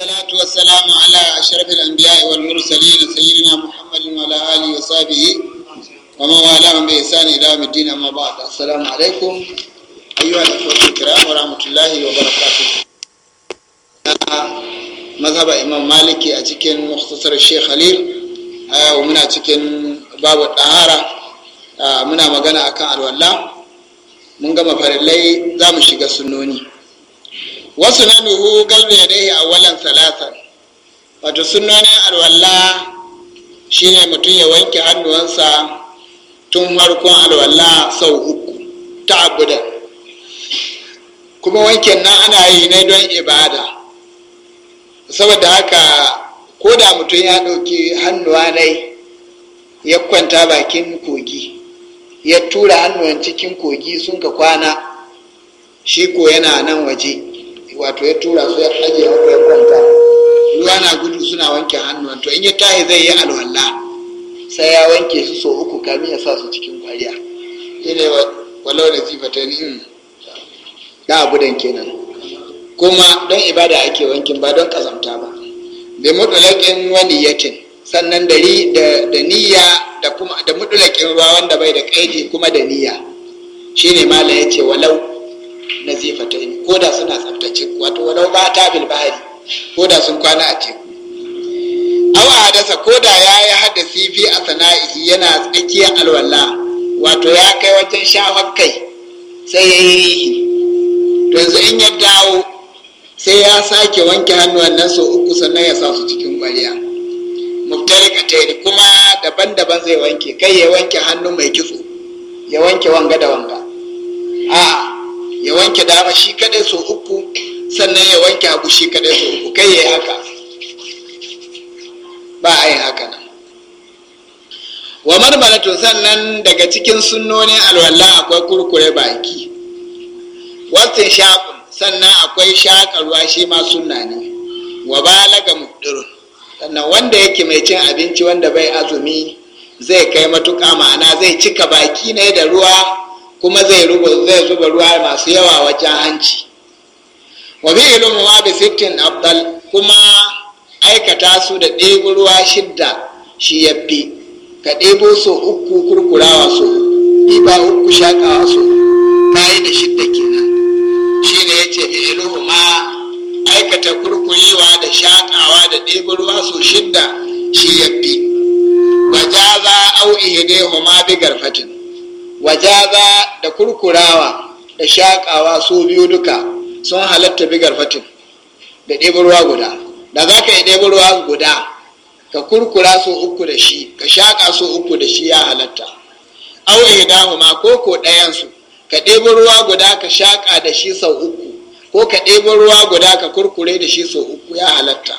الصلاة والسلام على أشرف الأنبياء والمرسلين سيدنا محمد وعلى آله وصحبه ومن والاهم بإحسان إلى يوم الدين أما بعد السلام عليكم أيها الأخوة الكرام ورحمة الله وبركاته مذهب إمام مالك أتكن مختصر الشيخ خليل ومن أتكن باب الطهارة muna magana akan alwala mun gama farillai za mu shiga sunnoni wasu na nuhu galbe dai a walan salasar, wato sunanin shi shine mutum ya wanke hannuwansa tun harkon alwalla sau uku ta abuda kuma wankin nan ana yi na don ibada saboda haka ko da mutum ya ɗauki hannuwa nai ya kwanta bakin kogi ya tura hannuwan cikin kogi sun ka kwana shi ko yana nan waje wato ya tura su ya hage haka ya kwanta ruwa na gudu suna wanke hannu to in ya tahi zai yi alwala sai ya wanke su so uku kami ya sa su cikin kwariya ne walau da sifata ni hmm, da abudan kenan kuma don ibada ake wankin ba don kazamta ba bi mutulakin yatin sannan da da niyya da kuma da mutulakin ruwa wanda bai da kaidi kuma da niyya shine mala ce walau na ta ko da suna tsaftace wato walau ba ta bil bahari ko da sun kwana a teku awa hadasa ko da ya yi hada sifi a sana'i yana tsakiyar alwala wato ya kai wajen shafar kai sai ya yi to yanzu in ya dawo sai ya sake wanke hannuwan nan sau uku sannan ya sa su cikin kwariya muftarika ta yi kuma daban-daban zai wanke kai ya wanke hannu mai kitso ya wanke wanga da wanga a ya wanke dama shi kadai so uku sannan ya wanke abu shi kadai so uku kai ya yi haka ba a haka nan wa marmaratun sannan daga cikin sunnonin alwala akwai kurkure baki wasu shakun sannan akwai shakarwa shi ma sunna ne wa balaga mudurun sannan wanda yake mai cin abinci wanda bai azumi zai kai matuƙa ma'ana zai cika baki ne da ruwa kuma zai zuba ruwa masu yawa wajen hanci wa bi ilmu ma bi sittin afdal kuma aikata su da ɗebo ruwa shidda shi yafi ka ɗebo so uku kurkurawa so ɗiba uku shakawa so ta yi da shidda kenan shi ne ya ce ilmu ma aikata kurkurewa da shakawa da ɗebo ruwa so shidda shi yafi ba za au ma bi garfatin wajaza da kurkurawa da shaƙawa su biyu duka sun halatta bigar fatin da ɗeburwa ruwa guda da za ka yi ɗeburwa guda ka kurkura su uku da shi ka shaƙa su uku da shi ya halatta au ihdahuma ko ko ɗayansu ka ɗeburwa ruwa guda ka shaƙa da shi sau uku ko ka ɗeburwa ruwa guda ka kurkure da shi sau uku ya halatta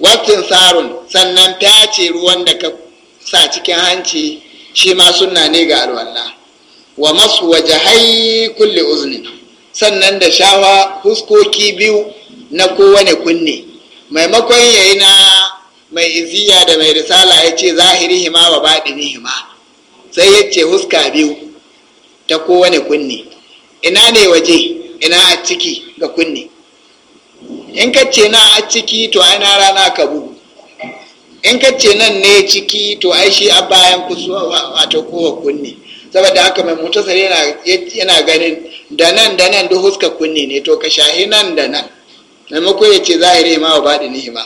waktin sarun sannan ta ce ruwan da ka sa cikin hanci shi ma suna ne ga alwalla wa masu wajahai kulle uzni sannan da shawa huskoki biyu na kowane kunne maimakon yayi na mai iziya da mai risala ya ce zahiri hima wa baɗini hima sai ya ce huska biyu ta kowane kunne ina ne waje ina a ciki ga kunne in ka ce na a ciki to ana rana ka bugu in ka ce nan ne ciki to ai shi a bayan kusurwa wato kowa kunne saboda haka mai mutasar yana ganin da nan da nan duk huska kunne ne to ka shahi nan da nan maimako ya ce zahiri ma wa baɗi ni hima.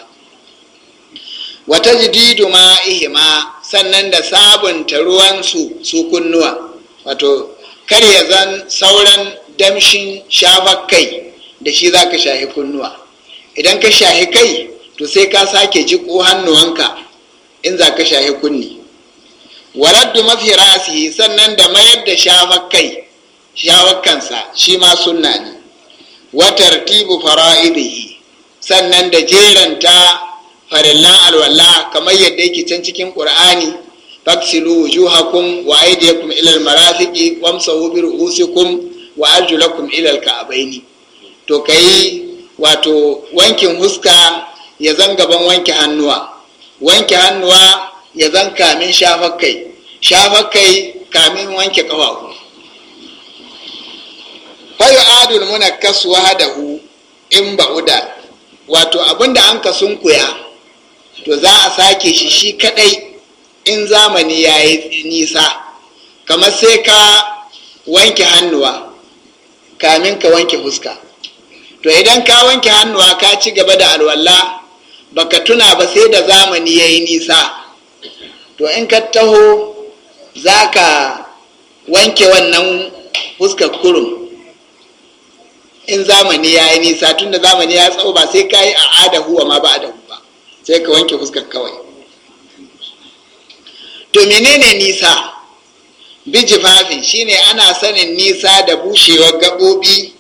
wata jididu ma ihima sannan da sabunta ruwansu su kunnuwa wato kar ya zan sauran damshin shafar kai da shi za ka shahi kunnuwa idan ka shahi kai to sai ka sake jiko hannuwanka in za ka shahi kunni waraddu mafi rasihi sannan da mayar da shafakai shafakansa shi ma sunna ne wa tartibu fara'idihi sannan da jeranta farillan alwala kamar yadda yake can cikin qur'ani faksilu wujuhakum wa aydiyakum ila almarafiqi wamsahu bi ru'usikum wa arjulakum ila alka'baini to kai wato wankin huska ya zan gaban wanke hannuwa wanke hannuwa ya zan kamin shafar kai shafar kai kamin wanke ƙafafu fayu adul munakkas wahadahu in ba'uda wato abinda an ka sunkuya to za a sake shi shi kadai in zamani ya yi nisa kamar sai ka wanke hannuwa kamin ka wanke fuska to idan ka wanke hannuwa ka ci gaba da alwallah baka tuna ba sai da zamani ya yi nisa to in ka taho za ka wanke wannan fuskar kurum in zamani ya yi nisa tunda zamani ya tsawo ba sai ka yi a adahu wa ma ba adahu ba sai ka wanke fuskar kawai to menene nisa bijifafin shine ana sanin nisa da bushewar gaɓoɓi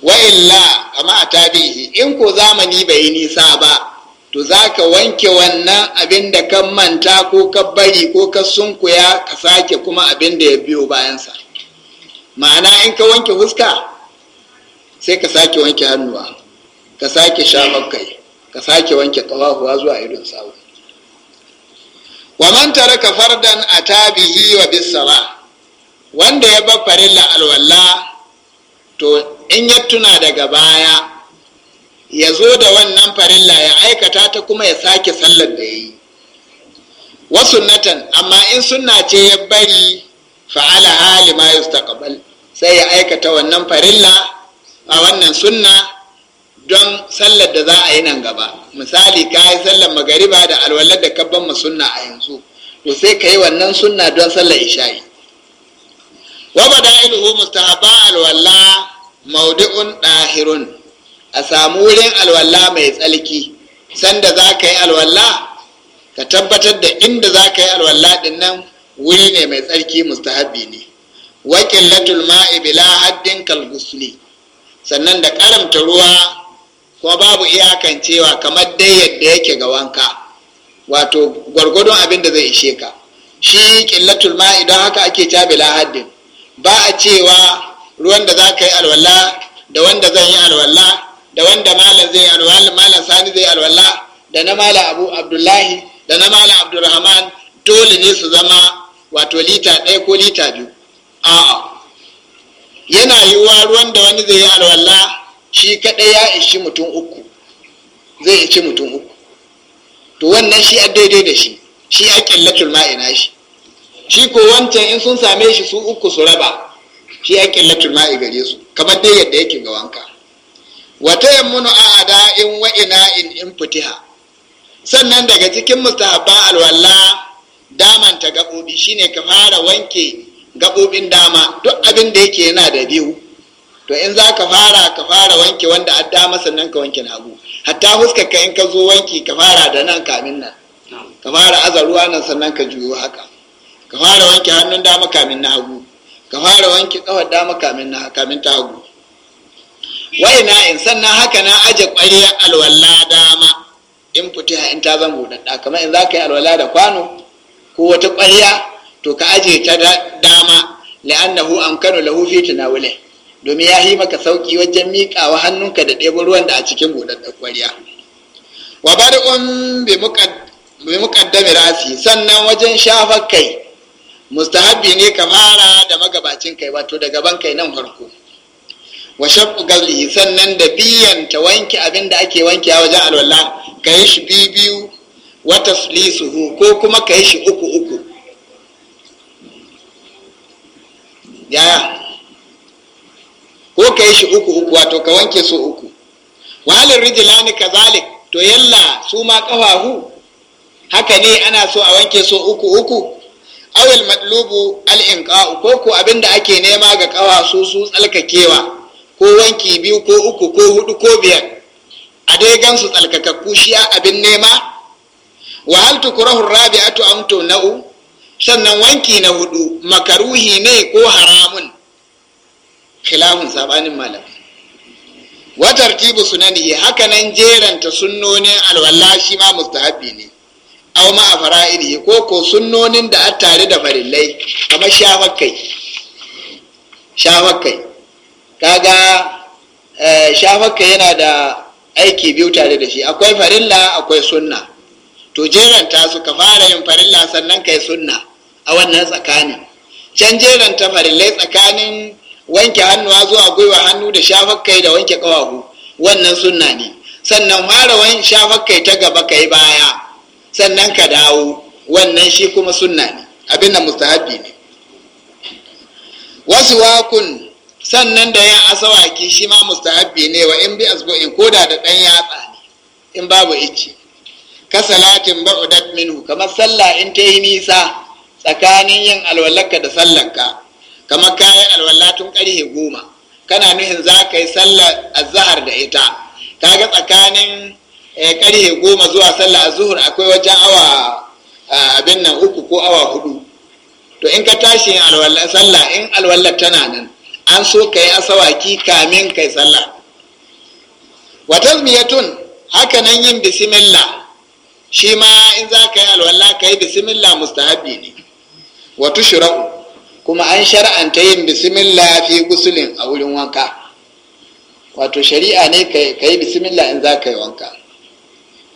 Wa'illa illa a in ko zamani bai yi nisa ba to za ka wanke wannan abin da kan manta ko ka bari ko ka sunkuya ka sake kuma abin da ya biyo bayansa ma'ana in ka wanke fuska sai ka sake wanke hannuwa ka sake shafar kai ka sake wanke ƙawahuwa zuwa irin sawu wa man taraka fardan atabihi wa bisara wanda ya bar farilla alwala to in ya tuna daga baya ya zo da wannan farilla ya aikata ta kuma ya sake sallar da ya yi wasu natan amma in sunna ce ya bari fa'ala hali ma yustaqbal sai ya aikata wannan farilla a wannan sunna don sallar da za a yi nan gaba misali ka yi sallar magariba da alwalar da kabban sunna a yanzu to sai ka yi wannan sunna don sallar isha'i wa bada'iluhu mustahaba alwala maudi'un dahirun a samu wurin alwala mai tsalki sanda za ka yi alwala? ka tabbatar da inda za ka yi alwalla din nan wuri ne mai tsarki mustahabi ne wakilatul ma'i bila haddin kalgusli sannan da karamta ruwa kuma babu iyakan cewa kamar dai yadda yake ga wanka wato gwargwadon abin da zai ishe ka shi killatul ma'i don haka ake ca bila haddin ba a cewa ruwan da za ka yi alwala da wanda zan yi alwala da wanda malam zai alwala malam sani zai alwala da na malam abu abdullahi da na malam abdurrahman dole ne su zama wato lita ɗaya ko lita biyu a yana yiwuwa ruwan da wani zai yi alwala shi kaɗai ya ishi mutum uku zai ishi mutum uku to wannan shi a daidai da shi shi a ƙillatul ma'ina shi shi ko wancan in sun same shi su uku su raba shi ya killatul ma'i gare su kamar dai yadda yake ga wanka wata yammunu a ada in wa'ina in in fitiha sannan daga cikin mustahabba alwala damanta gaɓoɓi shine ka fara wanke gaɓoɓin dama duk abin da yake yana da biyu to in za ka fara ka fara wanke wanda a dama sannan ka wanke na hatta huskar ka in ka zo wanki ka fara da nan kamin nan ka fara aza ruwa nan sannan ka juyo haka ka fara wanke hannun dama kamin na hagu ka fara wanke kafar dama kamin na kamin ta hagu na in sannan haka na aje ƙwariyar alwala dama in fita in ta zan buɗaɗɗa kamar in za ka yi alwala da kwano ko wata kwariya to ka aje ta dama li'annahu amkanu lahu fi tanawule domin ya yi maka sauki wajen miƙawa hannunka da ɗebo ruwan da a cikin buɗaɗɗar ƙwariya wa un bi muqaddami rafi sannan wajen shafa kai mustahabbi ne ka fara da magabacin kai wato da gaban kai nan farko wa shaqqu galli sannan da biyan ta wanke abin da ake wanke wajen alwala ka yi shi biyu wata lisuhu ko kuma ka yi shi uku uku yaya ko ka yi shi uku uku wato ka wanke su uku walin rijilani zalik to yalla su ma kafahu haka ne ana so a wanke su uku uku awil matlubu al-inqa'u ko ko abinda ake nema ga kawa su su tsalkakewa ko wanki biyu ko uku ko hudu ko biyar a dai gansu tsalkakakku shi abin nema wa hal rabi'atu am tunau sannan wanki na hudu makaruhi ne ko haramun khilafun sabanin malam wa tartibu sunanihi nan jeranta sunnonin alwala shi ma mustahabbi ne aw ma fara'idi ko ko sunnonin da a tare da farillai kamar shafakai shafakai kaga eh, shafakai yana da aiki biyu tare da shi akwai farilla akwai sunna to jeranta su ka fara yin farilla sannan kai sunna a wannan tsakanin can jeranta farillai tsakanin wanke hannuwa zuwa gwiwa hannu da shafakai da wanke kawahu wannan sunna ne sannan mara wani shafakai ta gaba kai baya sannan ka dawo wannan shi kuma sunna ne abin da mustahabi ne wasu wakun sannan da ya asawaki shi ma mustahabi ne wa in bi asbu'in koda da ɗan yatsa ne in babu ici ka salatin ba'udat minhu kamar salla in ta yi nisa tsakanin yin alwalarka da sallanka kamar kayan alwala tun karhe goma kana nuhin za ka yi sallar azahar da ita ka ga tsakanin ƙarye eh, goma zuwa sallah zuhur akwai wajen awa abin nan uku ko awa hudu to in ka tashi yin sallah in alwallar tana nan an so ka yi asawaki kamin kai sallah Wata miyatun haka nan yin bismillah shi ma in za ka yi alwala ka yi bismillah mustahabi ne wa shira'u kuma an shara'anta yin bismillah fi gusulin a wurin wanka wato shari'a ne ka yi bismillah in za ka yi wanka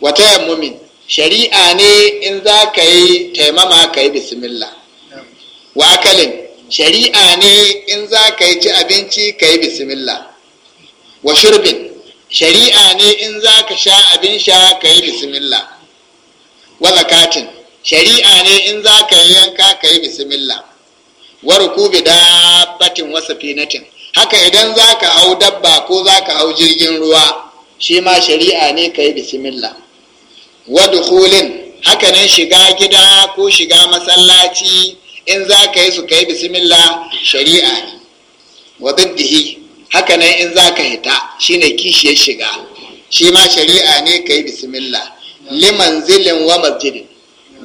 wata yammumi shari'a ne in za ka yi taimama ka yi bismillah wa akalin shari'a ne in za ka yi ci abinci ka yi bismillah wa shurbin shari'a ne in za ka sha abin sha ka yi bismillah wa zakatin shari'a ne in za ka yi yanka ka yi bismillah wa rukubi dabbatin wasa finatin, haka idan za ka hau dabba ko za ka hau jirgin ruwa shi ma shari'a ne ka yi bismillah wa hakanan shiga gida ko shiga masallaci in za ka yi su ka yi bismillah shari'a ne wa hakanan in za ka hita shi ne kishiyar shiga shi ma shari'a ne ka yi bismillah liman zilin wa masjidin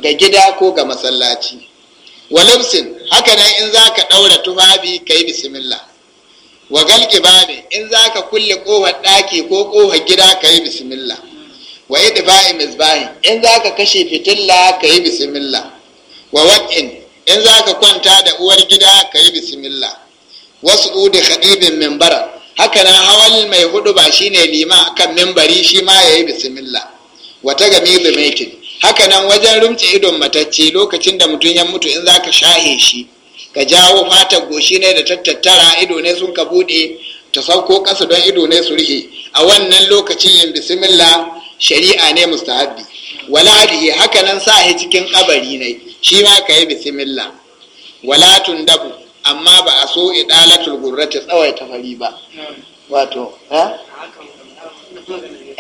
ga gida ko ga masallaci wa limsin hakanan in za ka ɗaura tufafi ka yi bismillah wa galki in za ka kulle ƙofar ɗaki ko ƙofar gida ka yi bismillah wa idba'i misbahi in za ka kashe fitilla yi bisimilla wa wad'in in za ka kwanta da uwar gida yi bisimilla wasu udi khadibin mimbara haka nan hawan mai hudu ba shine lima kan mimbari shi ma yayi bisimilla wa gami maitin haka nan wajen rumce idon matacce lokacin da mutum ya mutu in zaka shahe shi ka jawo fatar goshi ne da tattattara ido ne sun ka bude ta sauko ƙasa don ido ne su rike a wannan lokacin yin bismillah shari'a ne mustahabbi wala adihi haka nan sa shi cikin kabari ne shi ma ka yi bismillah wala tun dabu. amma ba a so idalatul gurrati ta fari ba wato ha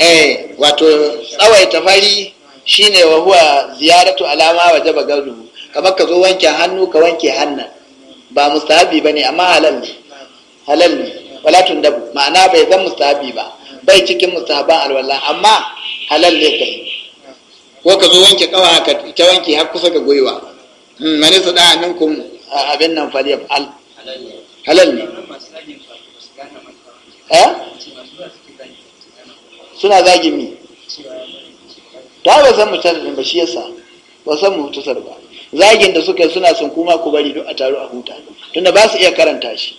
eh wato tsawaita fari shine wa huwa ziyaratu alama wa jaba gaudu kamar ka zo wanke hannu ka wanke hannan ba mustahabi ba ne amma halal ne halal ne wala ma'ana bai zan mustahabi ba bai cikin mustahaban alwala amma halal ne ka yi ko ka zo wanke kawa ka ta wanke har kusa ka gwiwa mani hmm, su da nan kun abin nan fari al halal ne eh? suna zagin mi ta ba san mutar ba shi yasa ba san mutusar ba zagin da suka suna sun kuma ku bari duk a taru a huta tunda ba su iya karanta shi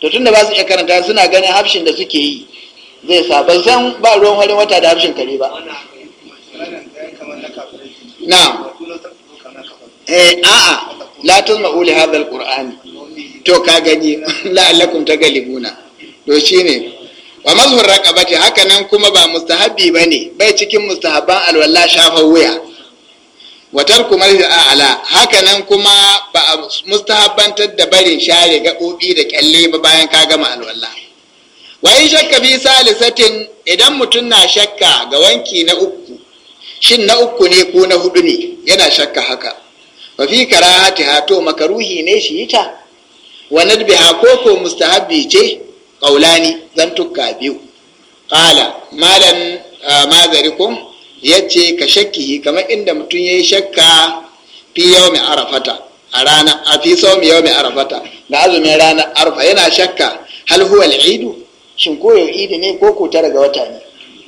to tunda ba su iya karanta suna ganin hafshin da suke yi zai sa ban san ba ruwan harin wata da harshen kare ba na eh a'a la tuzma'u li hadha alquran to ka gani la'allakum tagalibuna to shine wa mazhur raqabati haka nan kuma ba mustahabbi bane bai cikin mustahabban alwala shafa wuya wa tarku marhi a'la haka nan kuma ba Mustahabban da barin share gabobi da kyalle ba bayan ka gama alwala Wai shakka bi salisatin idan mutum na shakka ga wanki na uku shin na uku ne ko na hudu ne yana shakka haka wa fi ha to makaruhi ne shi yi ta wa nadbiha ko ko mustahabbi ce qaulani zan tukka biyu qala malan mazarikum yace ka shakki kamar inda mutum yayi shakka fi yawmi arafata a rana a fi yawmi arafata da azumin ranar arfa yana shakka hal huwa al'idu idu shin ko yau idi ne ko ko tara ga wata ne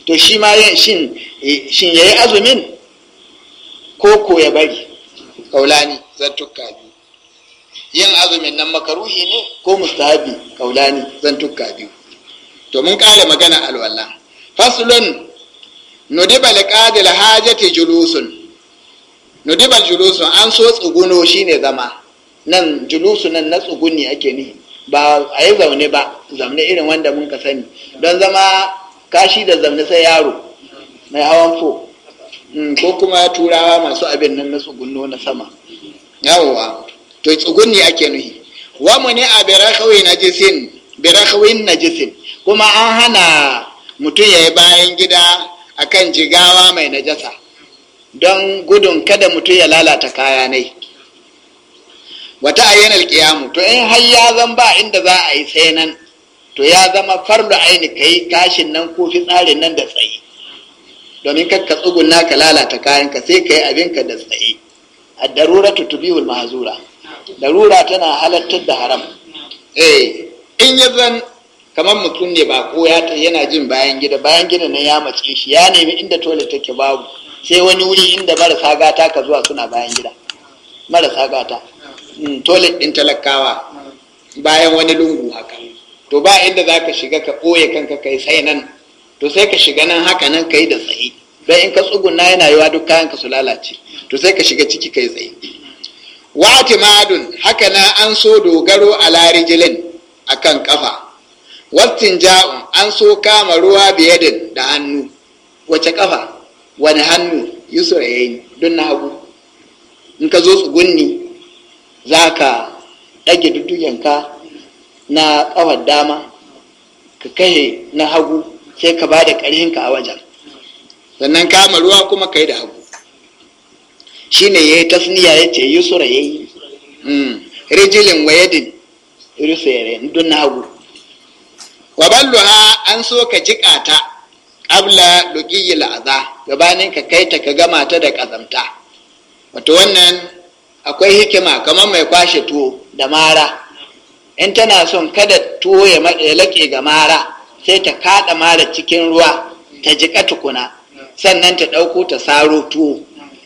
to shi ma yin shin eh, shin yayi azumin ko ko ya bari kaulani tukka biyu yin azumin nan makaruhi ne ko mustahabi kaulani zantukka biyu to mun kala magana alwala faslun nudiba liqadil hajati julusun nudiba julusun an so tsuguno shine zama nan julusu nan na tsuguni ake ni. ba a yi zaune ba zaune irin wanda mun ka sani don zama kashi da zaune sai yaro mai hawan fo mm, ko kuma turawa masu abin nan na tsugunno na sama yawowa to tsugunni ake nuhi wa mu ne a berakawai na jisin birakawin na jisin kuma an hana mutum ya yi bayan gida akan jigawa mai najasa don gudun kada mutum ya lalata kaya nai wata ayyanar kiyamu to in har ya zan ba inda za a yi sai nan to ya zama farlu aini ka yi kashin nan ko tsarin nan da tsaye domin kakka tsuguna ka lalata kayan ka sai ka yi ka da tsaye a darura tutubihul mahazura darura tana halattar da haram eh in ya zan kamar mutum ne ba ko ya yana jin bayan gida bayan gida nan ya mace shi ya nemi inda toilet take babu sai wani wuri inda marasa gata ka zuwa suna bayan gida marasa gata Mm, toilet ɗin talakawa bayan wani lungu haka to ba inda za ka shiga ka ɓoye kanka kai sai nan to sai ka shiga nan haka nan ka yi da tsaye don in ka tsuguna yana yiwa duk kayan ka su lalace to sai ka shiga ciki kai tsaye wa timadun haka na an so dogaro a larijilin akan kan kafa wattin ja'un an so kama ruwa biyadin da hannu wace kafa wani hannu yusra yayi don na hagu in ka zo tsugunni za ka ɗage dudduyanka na ƙawar dama ka kahe na hagu sai ka ba da ƙarhinka a wajen sannan kama ruwa kuma ka yi da hagu shi ne ya yi tasniya ya ce ya yi hmm. rijilin wayadin rusere don na hagu wa ha an so ka jiƙa ta ƙabla luƙiyi la'aza gabanin ka kai ta ka gama ta da ƙazamta wato wannan akwai hikima kamar mai kwashe tuwo da mara in tana son kada tuwo ya laƙe ga mara sai ta kaɗa mara cikin ruwa ta jiƙa tukuna sannan ta ɗauko ta saro tuwo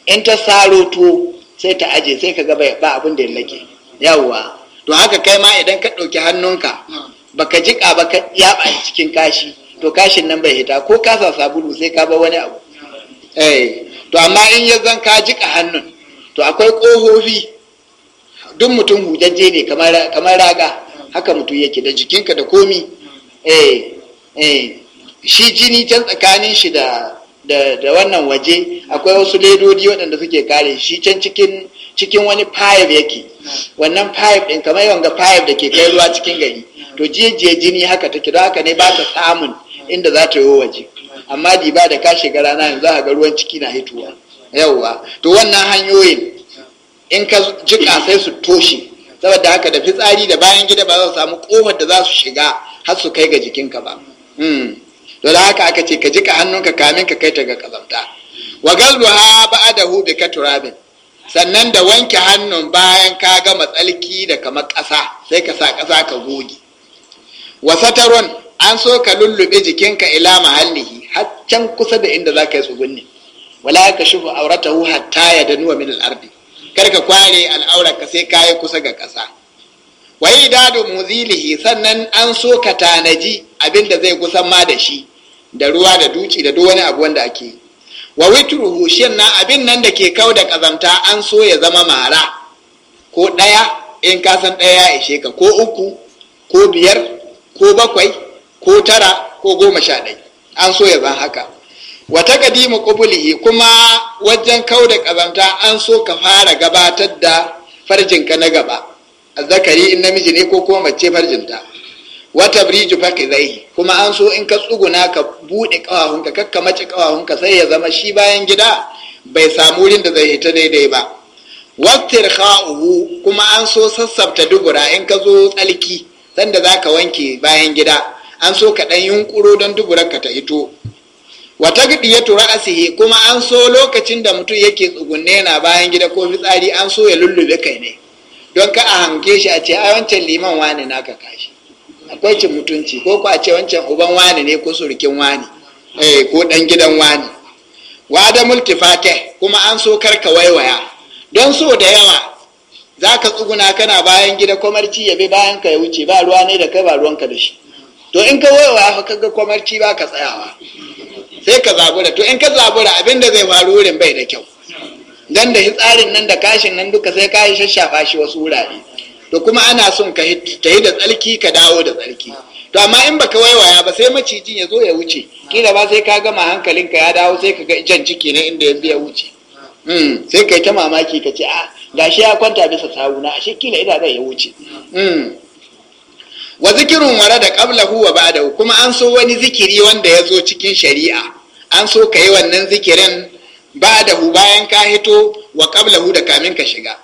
in ta saro tuwo sai ta aje sai ka gaba ba abin da ya laƙe yawwa to haka kai ma idan ka ɗauki hannunka baka jiƙa ba ka yaɓa cikin kashi to kashin nan bai hita ko kasa sabulu sai ka ba wani abu eh. to amma in ya zan ka jiƙa hannun to akwai ƙohohi duk mutum hujjaje ne kamar raga haka mutum yake da jikinka da komi eh eh shi jini can tsakanin shi da da wannan waje akwai wasu ledodi waɗanda suke kare shi can cikin cikin wani pipe yake wannan pipe ɗin kamar wanga pipe da ke kai ruwa cikin gari to jijiya jini haka take don haka ne ba ta samun inda za ta yi waje amma di ba da ka shiga rana yanzu za ga ruwan ciki na hituwa yawwa to wannan hanyoyin in ka jika sai su toshe saboda haka da fitsari da bayan gida ba za su samu kofar da za su shiga har su kai ga jikinka ba hmm. to da haka aka ce ka jika hannunka kamin ka kai ta ga kazamta wa da ba'adahu ka turabin sannan da wanke hannun bayan ka gama tsalki da kamar ƙasa sai ka sa ƙasa ka goge wasataron an so ka lullube jikinka ila mahallihi har kusa da inda za ka yi tsugunni wala ka aurata hu hatta nuwa min al-ardi kar ka kware al'aurar ka sai kayi kusa ga ƙasa wai dadu muzilihi sannan an so ka tanaji abin da zai kusan ma da shi da ruwa da duci da duk wani abu wanda ake wa witruhu shin na abin nan da ke kau da kazamta an so ya zama mara ko ɗaya in ka san ɗaya ya ishe ka ko uku ko biyar ko bakwai ko tara ko goma sha ɗaya an so ya zan haka wata kadimu ƙubulihi kuma wajen kau da kazanta an so ka fara gabatar da farjinka na gaba Zakari in namiji ne ko kuma mace farjinta wata briju zai kuma an so in ka tsuguna ka buɗe ƙawahunka kakka mace ƙawahunka sai ya zama shi bayan gida bai samu wurin da zai hita daidai ba waktir kha'uhu kuma an so sassabta dubura in ka zo tsalki sanda za ka wanke bayan gida an so ka ɗan yunkuro don dubura ka ta ito. wata tura ra'asihi kuma an so lokacin da mutum yake tsugunne na bayan gida ko fitsari an so ya lullube kai ne don ka a hanke shi a ce a wancan liman wani naka kashi akwai cin mutunci ko ko a ce wancan uban wani ne ko surukin wani eh ko dan gidan wani wa wada multifate kuma an so karka waiwaya don so da yawa za ka tsuguna kana bayan gida kwamarci ya bi bayan ka ya wuce ba ruwa ne da kai ba ruwanka da shi to in ka waiwaya ka ga kwamarci ba ka tsayawa sai ka zabura to in ka zabura abin da zai faru wurin bai da kyau dan da tsarin nan da kashin nan duka sai ka yi shashafa shi wasu wurare to kuma ana son ka ta yi da tsarki ka dawo da tsarki to amma in baka waiwaya ba sai macijin ya zo ya wuce kila ba sai ka gama hankalinka ya dawo sai ka ga jan ciki na inda ya biya wuce hmm, sai ka yi ta mamaki ka ce a ah, gashi ya kwanta bisa sawuna ashe kila ina zai ya wuce hmm. wa zikirin wara da huwa wa da kuma an so wani zikiri wanda ya zo cikin shari'a an so ka yi wannan zikirin hu bayan ka hito wa hu da kamin ka shiga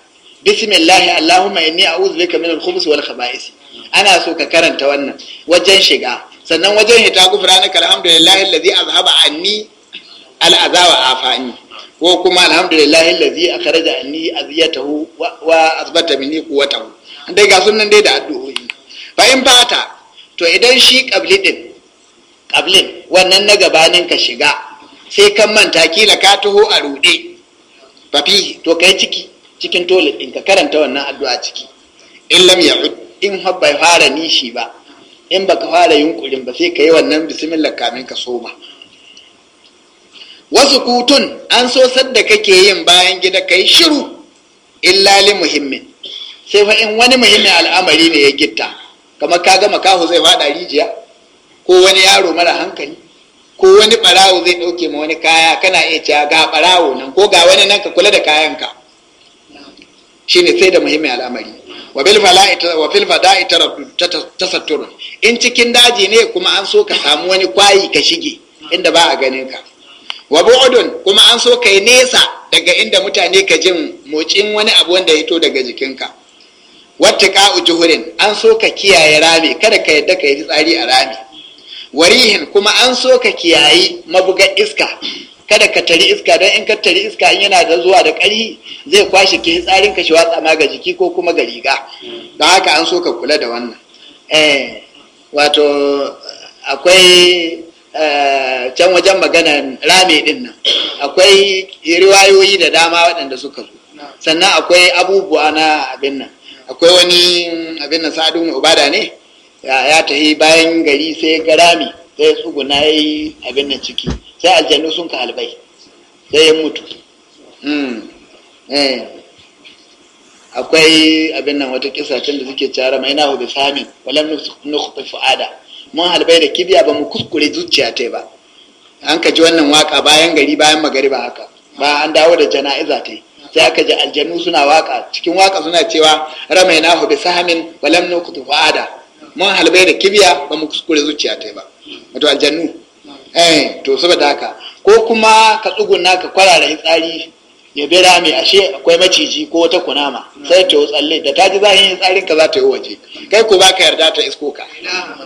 bismillahi allahumma inni a'udhu bika min al-khubuth wal khaba'is ana so ka karanta wannan wajen shiga sannan wajen hita gufranaka alhamdulillahi allazi azhaba anni al'azawa afani ko kuma alhamdulillahi allazi akhraja anni aziyatahu wa azbata minni quwwatahu dai ga sunan dai da addu'o'i bayan bata to idan shi ƙabli ɗin wannan na gabanin ka shiga sai kan manta kila ka taho a ruɗe fafihi. to kai ciki cikin tolit ɗin ka karanta wannan addu'a ciki in lam hud, in bai fara nishi ba in baka fara yunkurin ba sai ka yi wannan bismillah kamin ka so ba. wasu kutun an so sadda kake yin bayan gida ka shiru illa li muhimmin sai fa in wani muhimmin al'amari ne ya gitta kamar ka gama kaho zai faɗa rijiya ko wani yaro mara hankali ko wani ɓarawo zai ɗauke ma wani kaya kana iya cewa ga ɓarawo nan ko ga wani nan ka kula da kayan ka? shine sai da muhimmin al'amari wa fil fada'i tasattur in cikin daji ne kuma an so ka samu wani kwayi ka shige inda ba a ganin ka wa bu'udun kuma an so kai nesa daga inda mutane ka jin motsin wani abu wanda ya to daga jikinka wacce ka'u juhurin an so ka kiyaye rami kada ka yadda ka yi fitsari a rami warihin kuma an so ka kiyayi mabugar iska kada ka tari iska don in ka tari iska in yana da zuwa da ƙari zai kwashe ke tsarin ka shiwa tsama ga jiki ko kuma ga riga don haka an so ka kula da wannan eh wato akwai eh, can wajen maganan rami din nan akwai riwayoyi da dama waɗanda suka zo sannan akwai abubuwa na abin nan akwai wani abin da sa'adu mai ubada ne ya tahi bayan gari sai ya garami sai ya tsuguna ya yi abin da ciki sai aljanu sun ka halbai sai ya mutu hmm, eh. akwai abin nan wata kisa tun da suke cara mai nahu bi samin walam nukhti fuada mun halbai da kibiya ba mu kuskure zuciya ta ba an ka ji wannan waka bayan gari bayan ba haka ba an dawo da jana'iza ta yi sai ka ji aljannu suna waka cikin waka suna cewa ramai na hobi sahamin balam na kutu fa'ada mun halbai da kibiya ba mu kuskure zuciya ta ba wato aljannu eh to saboda haka ko kuma ka tsuguna ka kwarara tsari ya bi rami ashe akwai maciji ko wata kunama sai ta tsalle da ta ji zahin tsarin ka za ta yi waje kai ko baka yarda ta isko ka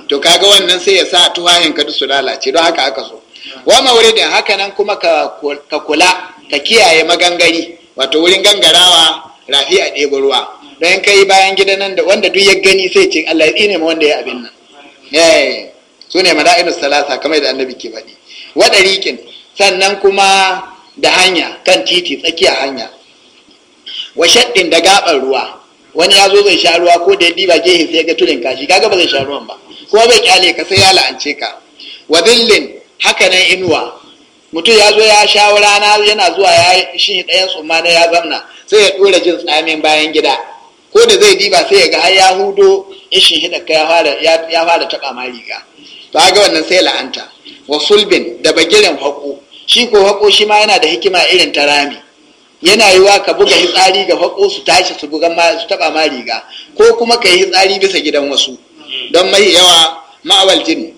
to kaga wannan sai ya sa tuhahin ka su lalace don haka aka so wa mawridin haka nan kuma ka kula ka kiyaye magangari wato wurin gangarawa rafi a ɗebo ruwa don kai bayan gidan nan da wanda duk ya gani sai ce Allah ya tsine ma wanda ya abin nan eh, su ne mala'inus salasa kamar da annabi ke faɗi rikin, sannan kuma da hanya kan titi tsakiyar hanya wa shaɗin da gabar ruwa wani ya zo zai sha ruwa ko da ya diba gehe sai ga tulin kashi kaga ba zai sha ruwan ba ko bai kyale ka sai ya la'ance ka wa dhillin haka nan inuwa mutum ya zo ya sha rana yana zuwa ya shi ɗayan tsumma ya zamna sai ya ɗora jin tsamin bayan gida ko da zai diba sai ya ga har ya hudo ishin hida ka ya fara taɓa ma riga ba ga wannan sai la'anta wa sulbin da bagiren haƙo shi ko haƙo shi ma yana da hikima irin ta rami yana yiwa ka buga hitsari ga haƙo su tashi su buga ma su taɓa ma riga ko kuma ka yi hitsari bisa gidan wasu don mai yawa ma'awal jini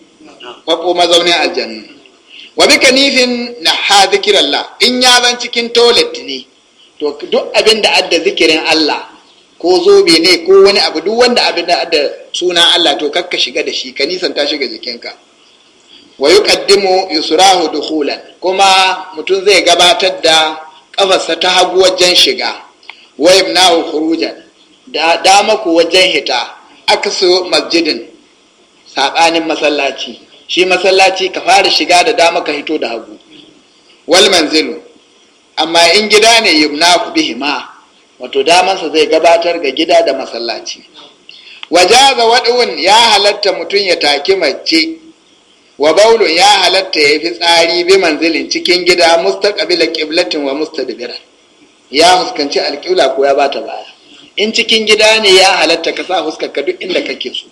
haƙo mazaunin aljannu wa bi kanifin na ha zikirallah in ya zan cikin toilet ne to duk abin da adda zikirin Allah ko zobe ne ko wani abu duk wanda abin da adda suna Allah to kakka shiga da shi ka ta shiga jikinka wa yuqaddimu yusrahu dukhulan kuma mutum zai gabatar da kafarsa ta hagu wajen shiga wa yamna'u khurujan da dama ku wajen hita aka siyo masjidin sabanin masallaci shi masallaci ka fara shiga da dama ka hito da hagu wal manzilu amma in gida ne ku bihi ma wato damansa zai gabatar ga gida da masallaci wajaza wadun ya halatta mutum ya taki mace wa baulun ya halatta ya fi tsari bi manzilin cikin gida mustaqbila qiblatin wa mustadbira ya huskanci alqibla ko ya bata baya in cikin gida ne ya halatta ka sa huskar ka duk inda kake so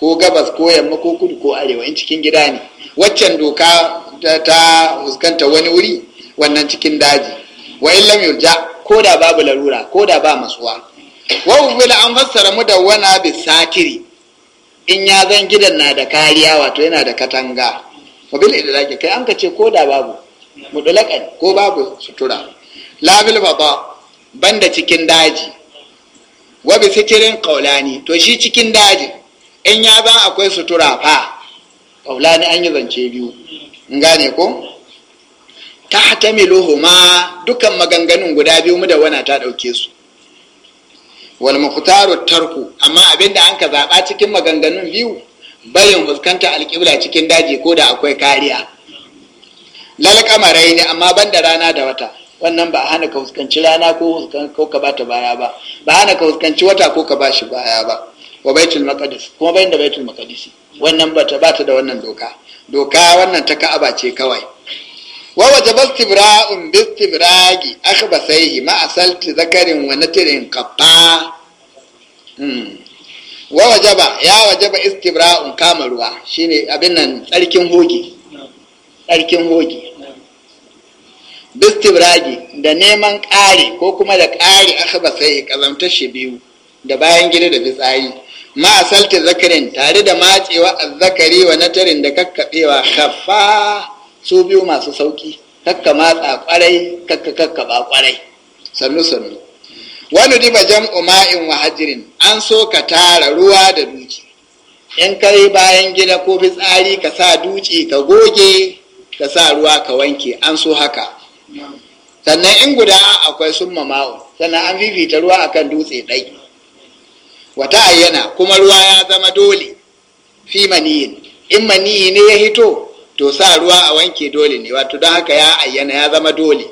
ko gabas ko yamma ko kudu ko arewa in cikin gida ne waccan doka ta fuskanta wani wuri wannan cikin daji wa in lam yurja ko da babu larura ko da ba masuwa wa ubila an fassara mu da wana bi sakiri in ya zan gidan na da kariya wato yana da katanga wa bil idlaki kai an ka ce ko da babu mudulakan ko babu sutura la bil baba banda cikin daji wa bi sikirin qaulani to shi cikin daji in ya ba akwai sutura fa ƙaulani an yi zance biyu in gane ko ta hatamiluhu ma dukkan maganganun guda biyu mu da wana ta ɗauke su wal mukhtaru tarku amma da an ka zaɓa cikin maganganun biyu bayin fuskanta alƙibla cikin daji ko da akwai kariya lal kamarai ne amma banda rana da wata wannan ba hana ka fuskanci rana ko ka bata baya ba ba hana ka fuskanci wata ko ka bashi baya ba wa baitul maqdis kuma bayin da baitul maqdis wannan bata bata da wannan doka doka wannan ta ka'aba ce kawai wa wajaba istibra'un bi istibragi akhbasaihi ma asalt zakarin wa natirin qatta hmm. wa wajaba ya wajaba istibra'un kama ruwa shine abin nan tsarkin hoge tsarkin hoge bistibragi da neman ƙari ko kuma da ƙari aka ba sai shi biyu da bayan gida da fitsari ma salti zakarin tare da matsewa azzakari wa natarin da kakkaɓewa haffa su biyu masu sauki kakka matsa kwarai kakka ba kwarai sannu sannu wani diba jam'u ma'in wa hajirin an so ka tara ruwa da duki in kai bayan gida ko fitsari ka sa duci ka goge ka sa ruwa ka wanke an so haka sannan in guda akwai summa ma'un sannan an fifita ruwa akan dutse ɗai wata ayyana kuma ruwa ya zama dole fi maniyin in maniyi ne ya hito to sa ruwa a wanke dole ne wato don haka ya ayyana ya zama dole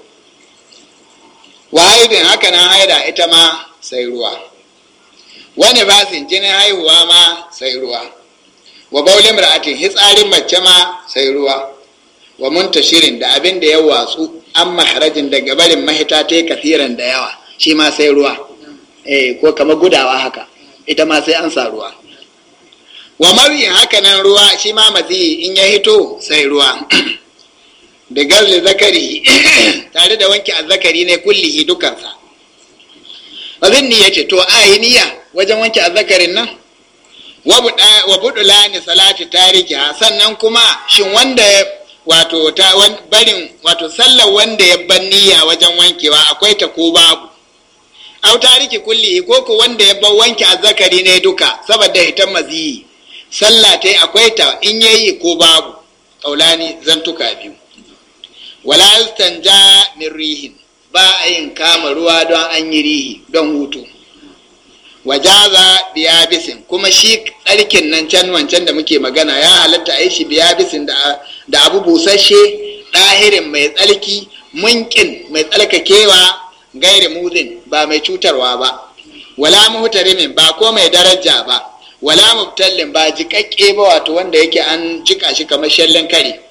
wa haidin haka nan haida ita ma sai ruwa wani basin jinin haihuwa ma sai ruwa wa baulin ra'atin hitsarin mace ma sai ruwa wa shirin da abin da ya watsu an maharajin daga barin mahita ta yi kasiran da yawa shi ma sai ruwa eh, ko kama gudawa haka ita ma sai an sa ruwa wa mawi haka nan ruwa shi ma mazi in ya hito sai ruwa da garli zakari tare da wanke azzakari ne hi dukansa wazin ni ce to a yi niyya wajen wanke azzakarin nan wa budula lani salati tariki sannan kuma shin wanda wato ta barin wato sallar wanda ya ban niyya wajen wankewa akwai ta ko babu au tariki kulli ko ko wanda ya bar wanke azzakari ne duka saboda ita maziyi sallah ta akwai ta in yayi ko babu kaulani zantuka biyu wala yastanja min rihin ba a yin kama ruwa don an yi rihi don hutu wajaza biyabisin kuma shi tsarkin nan can wancan da muke magana ya halatta a yi shi biyabisin da abu busasshe ɗahirin mai tsarki munkin mai tsarkakewa gairi muzin ba mai cutarwa ba wala muhtarimin ba ko mai daraja ba wala mubtallin ba jikakke ba wato wanda yake an jika shi kamar shallin kare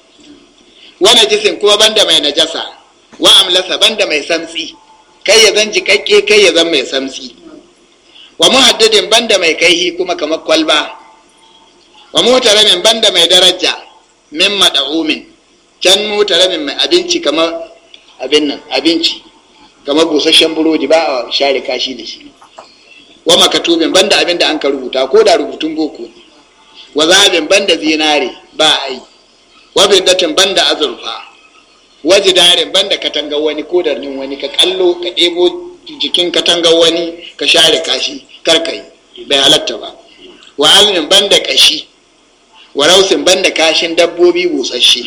Wani jisin kuma banda mai najasa wa amlasa banda mai samsi kai ya zan jikakke kai ya zan mai samsi wa muhaddadin banda mai kaihi kuma kamar kwalba wa mutaramin banda mai daraja min mada'umin can mutaramin mai abinci kamar abin nan abinci kamar gosasshen burodi ba a share kashi da shi wa makatubin banda abin da an ka rubuta ko da rubutun boko ne wa zaɓin banda zinare ba a yi wa bindatin banda azurfa wa jidarin banda katangar wani ko da wani ka kallo ka ɗebo jikin katangar wani ka share kashi karkai bai halatta ba wa almin banda kashi wa rausin banda kashin dabbobi busasshe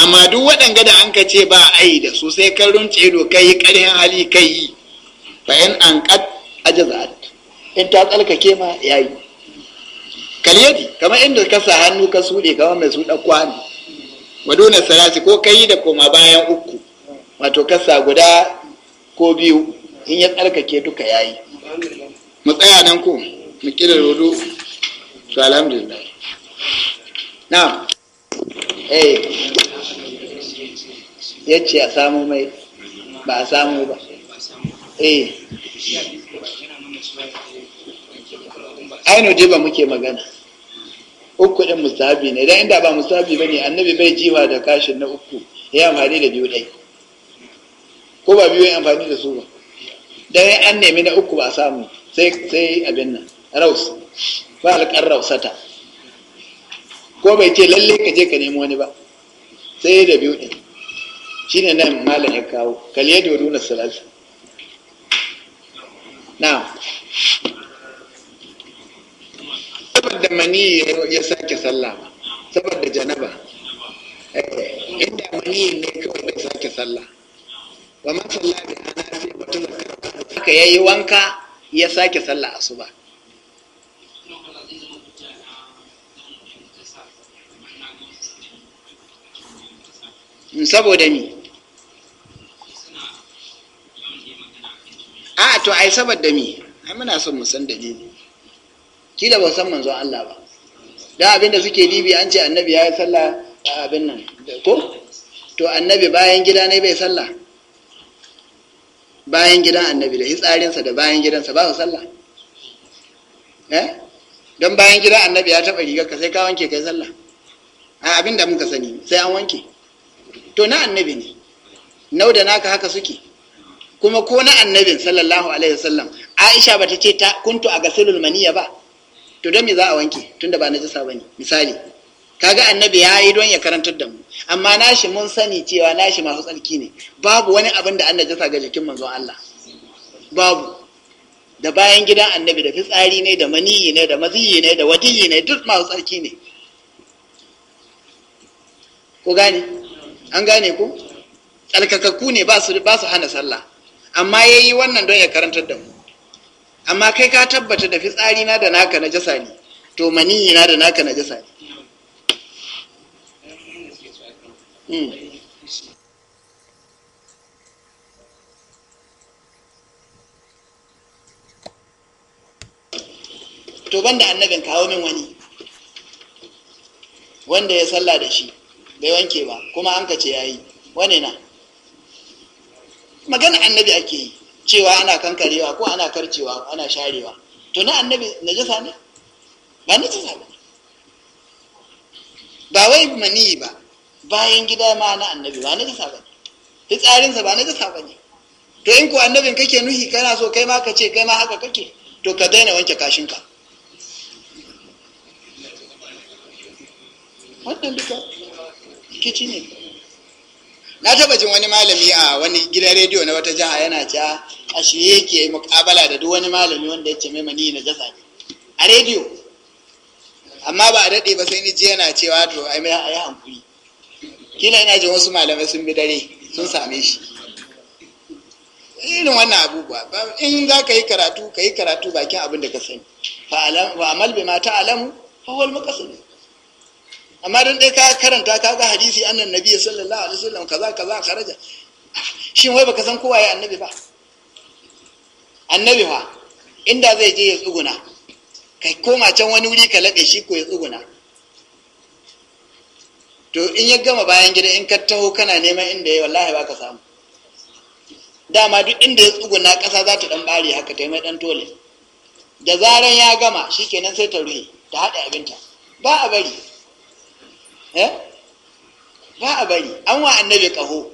amma duk waɗanga da an ka ce ba a yi da su sai ka runce ido ka yi ƙarhin hali ka yi bayan an ƙat in ta tsalkake ma ya yi kaliyadi kamar inda ka sa hannu ka suɗe kamar mai suɗa kwano wadona sarasi ko ka da koma bayan uku wato kasa guda ko biyu in ya tsarkake duka ya yi mu tsaya nan ko mu kira rodo to alhamdulillah na'am eh ya ce a samu mai ba a samu ba eh ainihin jiba muke magana uku ɗin musabi ne idan inda ba musabi ba ne annabi bai jiwa da kashin na uku ya amfani da biyu ɗai ko ba biyu ya amfani da su ba dan an nemi na uku ba samu sai abin nan raus ba alƙar rausata ko bai ce lalle ka je ka nemi wani ba sai da biyu ɗin Shi ne nan malam ya kawo kaliyar da waduna salatu na saboda mani ya sake sallah saboda janaba eh, inda mani ne kawai bai sake sallah ba man sallah bi ana sai mutum ya yayi wanka ya sake sallah asuba saboda ni a to ai saboda mi ai muna son mu san dalili kila ba san manzon Allah ba da abin da suke dibi an ce annabi ya yi sallah a abin nan ko to annabi bayan gida ne bai sallah bayan gidan annabi da hitsarinsa da bayan gidansa ba su sallah eh don bayan gidan annabi ya taɓa rigar ka sai ka wanke kai sallah a abin da muka sani sai an wanke to na annabi ne nau da naka haka suke kuma ko na annabin sallallahu alaihi wasallam aisha bata ce ta kuntu a gasilul maniya ba to don me za a wanke tunda ba na najasa bane misali kaga annabi ya yi don ya karantar da mu amma nashi mun sani cewa nashi masu tsarki ne babu wani abin da annabi jasa ga jikin manzon Allah babu da bayan gidan annabi da fitsari ne da maniyi ne da maziyi ne da wadiyi ne duk masu tsarki ne ko gane an gane ko tsarkakakku ne ba su hana sallah amma ya yi wannan don ya karantar da mu amma kai ka tabbata da fitsari na da naka na jasa ne to maniyi na da naka na jasa ne hmm. to banda annabin kawo min wani wanda ya salla da shi bai wanke ba kuma an kace yayi wane na magana annabi ake yi cewa ana kankarewa ko ana karcewa ana sharewa to na annabi na jasa ne ba najasa ba ba wai mani ba bayan gida ma na annabi ba jasa ba ne fitsarinsa ba jasa ba ne to in ko annabin kake nuhi kana so kai ma ka ce kai ma haka kake to ka daina wanke kashinka wannan duka kici ne na taba jin wani malami a wani gidan rediyo na wata jiha yana cewa a shi yake mukabala da duk wani malami wanda ya ce mai mani na jasa ne a rediyo amma ba a daɗe ba sai ni ji yana cewa to ai mai ayi hankuri kila ina jin wasu malamai sun bi dare sun same shi irin wannan abubuwa in za ka yi karatu ka yi karatu bakin abin da ka sani fa amal bi ma ta'lamu fa huwa al-muqassim amma dan dai ka karanta ka ga hadisi annan nabi sallallahu alaihi wasallam kaza kaza kharaja shin wai baka san ko ya annabi ba annabi fa inda zai je ya tsuguna ka koma can wani wuri ka lade shi ko ya tsuguna to in ya gama bayan gida in ka taho kana neman inda ya wallahi ba ka samu dama duk inda ya tsuguna ƙasa za ta ɗan ɓare haka ta mai ɗan tole da zaran ya gama shikenan sai ta ruhe ta haɗa abinta ba a bari ba a bari an wa annabi ƙaho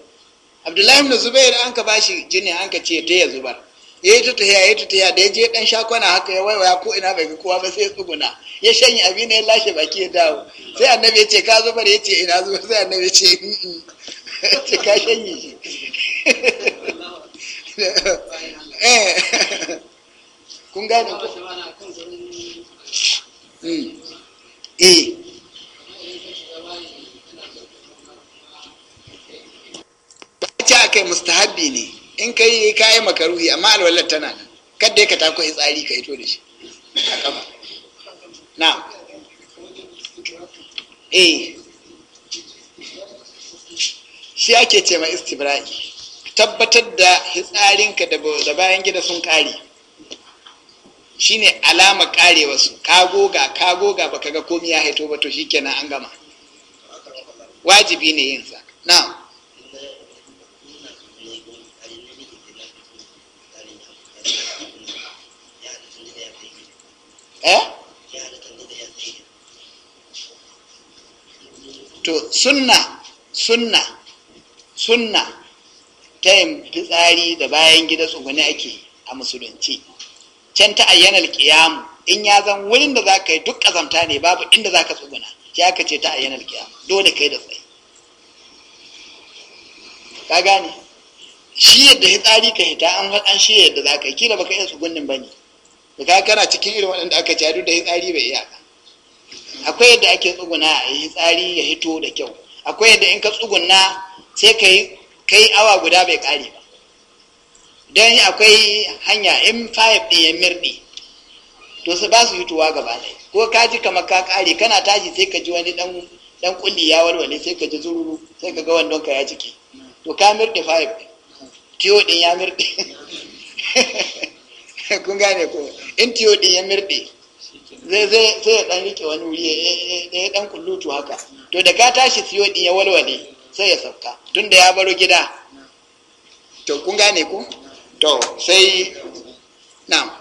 abdullahi ibn zubair an ka bashi jini an ka ce ta ya zubar yayi ta ya yayi ta ya. da ya je dan shakwana haka ya waiwa ko ina bai ga kowa ba sai ya tsuguna ya shanye abin ya lashe baki ya dawo sai annabi ya ce ka zubar ya ce ina zubar sai annabi ya ce ce ka shanye shi eh. kun gane ko hmm. eh ce a kai mustahabbi ne in ka yi ka yi makaruhi amma alwallar tana nan kadda ka tako tsari ka hito da shi a kafa na, eh shi ake ce ma istibra'i tabbatar da hitsarinka da bayan gida sun kare shine alama kare wasu ka goga ka goga baka ga komi ya haito ba to shikenan an gama wajibi ne yin sa na'am eh to sunna sunna sunna ta yin fitsari da bayan gida tsogoni ake a musulunci can ta ayyanar kiyamu in ya zan wurin da za ka yi duk ƙazamta ne babu inda za ka tsoguna ya ka ce ta ayyanar kiyamu dole kai da tsaye ka gane shi yadda hitsari ka hita an an shi yadda za ka yi kila baka iya tsogunin ba ne da ka kana cikin irin waɗanda aka jadu da hitsari bai iya ba akwai yadda ake tsuguna a yi tsari ya hito da kyau akwai yadda in ka tsuguna sai ka yi awa guda bai ƙare ba don akwai hanya in fayif ɗin ya mirɗi to su ba su hitowa gaba ɗaya ko ka ji kamar ka kare kana tashi sai ka ji wani ɗan dan kulli ya walwale sai ka ji zururu sai ka ga wandon ka ya cike to ka mirɗe fayif ɗin tiyo ɗin ya mirɗe kun gane ko in tiyo ɗin ya mirɗe zai zai sai ya dan rike wani wuri ya yi dan kullutu haka to da ka tashi tiyo ɗin ya walwale sai ya sauka tun da ya baro gida to kun gane ko to sai na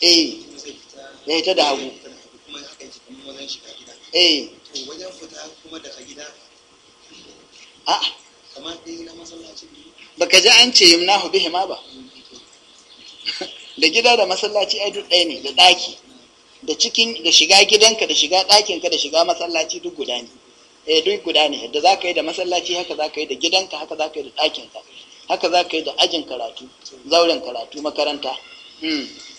eh ya ita da hagu eh wajen fita kuma daga gida ah. Ba ka baka ji an ce yumnahu bihima ba da gida da masallaci ai duk ɗaya ne da ɗaki da cikin da shiga gidanka da shiga ɗakinka da shiga masallaci duk guda ne eh duk guda ne da zaka yi da masallaci haka zaka yi da gidanka haka zaka yi da ɗakinka haka zaka yi da ajin karatu zauren karatu makaranta hmm.